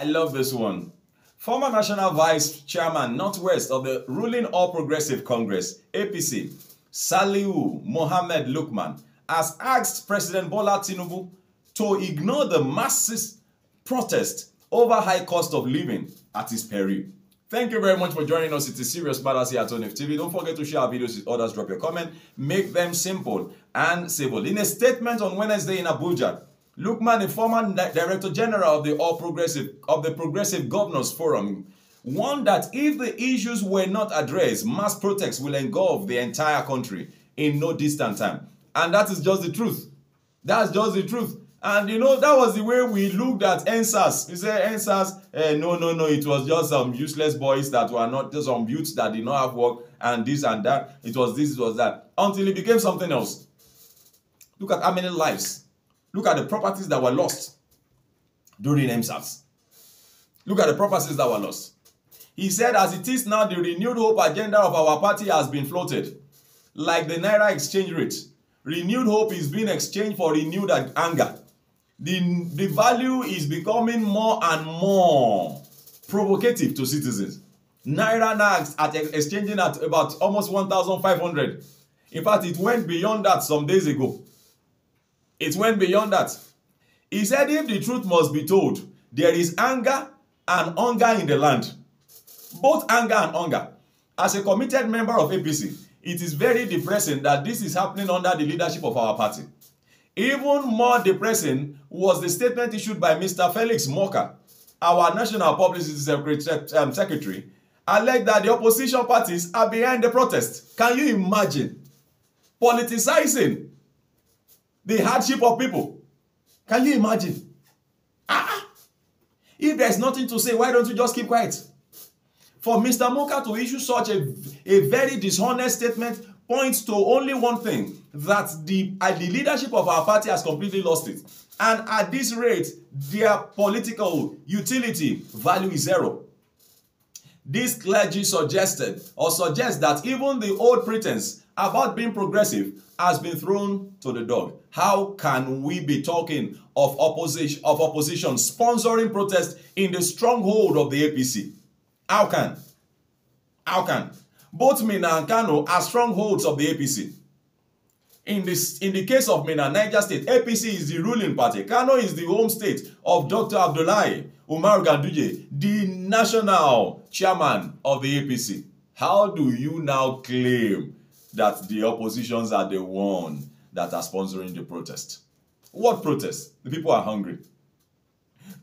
I love this one. Former National Vice Chairman Northwest of the ruling All Progressive Congress, APC, Saliu Mohammed Lukman, has asked President Bola Tinubu to ignore the masses protest over high cost of living at his peril. Thank you very much for joining us. It is Serious Matters here at ONIF TV. Don't forget to share our videos with others, drop your comment, make them simple and civil. In a statement on Wednesday in Abuja, Lukman, a former director general of the All Progressive of the Progressive Governors Forum, warned that if the issues were not addressed, mass protests will engulf the entire country in no distant time. And that is just the truth. That's just the truth. And you know, that was the way we looked at NSAS. We say NSAS, eh, no, no, no, it was just some useless boys that were not, just some youths that did not have work and this and that. It was this, it was that. Until it became something else. Look at how many lives Look at the properties that were lost during MSAS. Look at the properties that were lost. He said, as it is now, the renewed hope agenda of our party has been floated, like the Naira exchange rate. Renewed hope is being exchanged for renewed anger. The, the value is becoming more and more provocative to citizens. Naira nags at exchanging at about almost 1,500. In fact, it went beyond that some days ago. It went beyond that. He said, If the truth must be told, there is anger and hunger in the land. Both anger and hunger. As a committed member of APC, it is very depressing that this is happening under the leadership of our party. Even more depressing was the statement issued by Mr. Felix Moka, our national publicity um, secretary, alleged that the opposition parties are behind the protest. Can you imagine politicizing the hardship of people. Can you imagine? Ah, ah, if there's nothing to say, why don't you just keep quiet? For Mr. Moka to issue such a, a very dishonest statement points to only one thing that the, uh, the leadership of our party has completely lost it. And at this rate, their political utility value is zero. This clergy suggested or suggests that even the old pretense about being progressive has been thrown to the dog. How can we be talking of opposition of opposition sponsoring protest in the stronghold of the APC? How can? How can? Both Mina and Kano are strongholds of the APC. In, this, in the case of Mina Niger State, APC is the ruling party. Kano is the home state of Dr. Abdullahi Umar Ganduje, the national chairman of the APC. How do you now claim that the oppositions are the one that are sponsoring the protest. What protest? The people are hungry.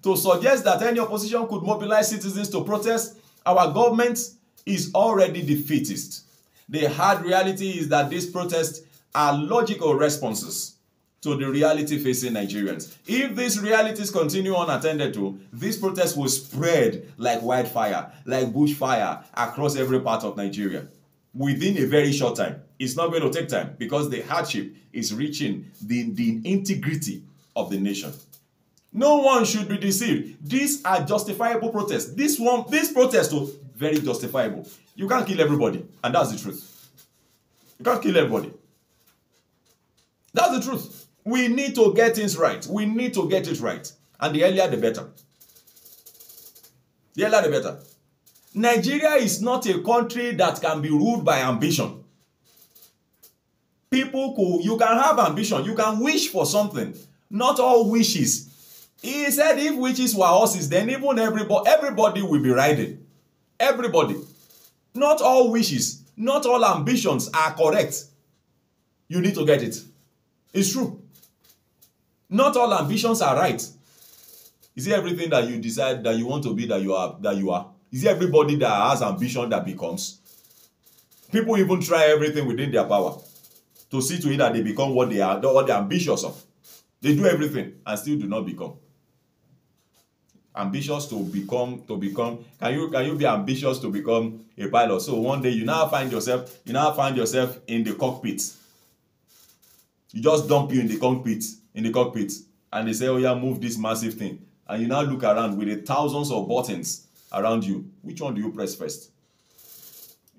To suggest that any opposition could mobilize citizens to protest, our government is already defeatist. The hard reality is that these protests are logical responses to the reality facing Nigerians. If these realities continue unattended to, these protests will spread like wildfire, like bushfire across every part of Nigeria within a very short time. It's not going to take time because the hardship is reaching the, the integrity of the nation. No one should be deceived. These are justifiable protests. This one, this protest was oh, very justifiable. You can't kill everybody, and that's the truth. You can't kill everybody. That's the truth. We need to get things right. We need to get it right. And the earlier the better. The earlier the better. Nigeria is not a country that can be ruled by ambition. People could, you can have ambition, you can wish for something. Not all wishes. He said, if wishes were horses, then even everybody, everybody will be riding. Everybody. Not all wishes, not all ambitions are correct. You need to get it. It's true. Not all ambitions are right. Is it everything that you decide that you want to be that you are that you are? Is it everybody that has ambition that becomes? People even try everything within their power to see to it that they become what they are, what they're ambitious of. They do everything and still do not become. Ambitious to become, to become. Can you can you be ambitious to become a pilot? So one day you now find yourself, you now find yourself in the cockpit. You just dump you in the cockpit, in the cockpit, and they say, "Oh yeah, move this massive thing." And you now look around with the thousands of buttons around you, which one do you press first?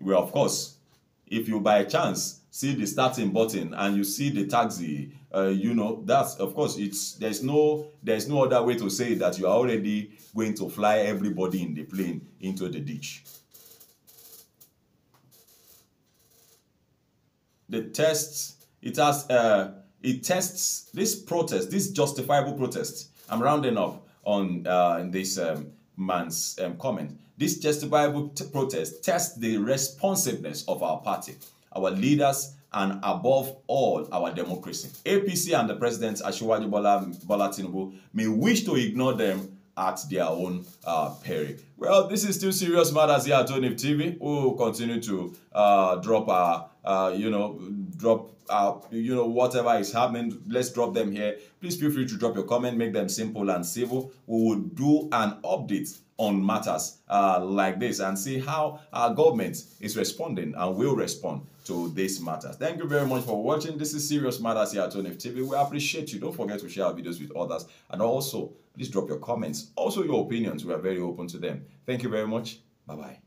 Well, of course, if you by chance see the starting button and you see the taxi, uh, you know that's of course it's there's no there's no other way to say that you are already going to fly everybody in the plane into the ditch. The test it has uh, it tests this protest, this justifiable protest. I'm rounding up on uh, this um, man's um, comment. This justifiable t- protest tests the responsiveness of our party, our leaders, and above all, our democracy. APC and the president, Ashiwaju Bola, Bola Tinubu, may wish to ignore them at their own uh, peril. Well, this is still serious matters here at TV. We'll continue to uh, drop our uh, you know, drop out, uh, you know, whatever is happening, let's drop them here. Please feel free to drop your comment, make them simple and civil. We will do an update on matters uh, like this and see how our government is responding and will respond to these matters. Thank you very much for watching. This is Serious Matters here at Tony TV. We appreciate you. Don't forget to share our videos with others and also please drop your comments, also your opinions. We are very open to them. Thank you very much. Bye bye.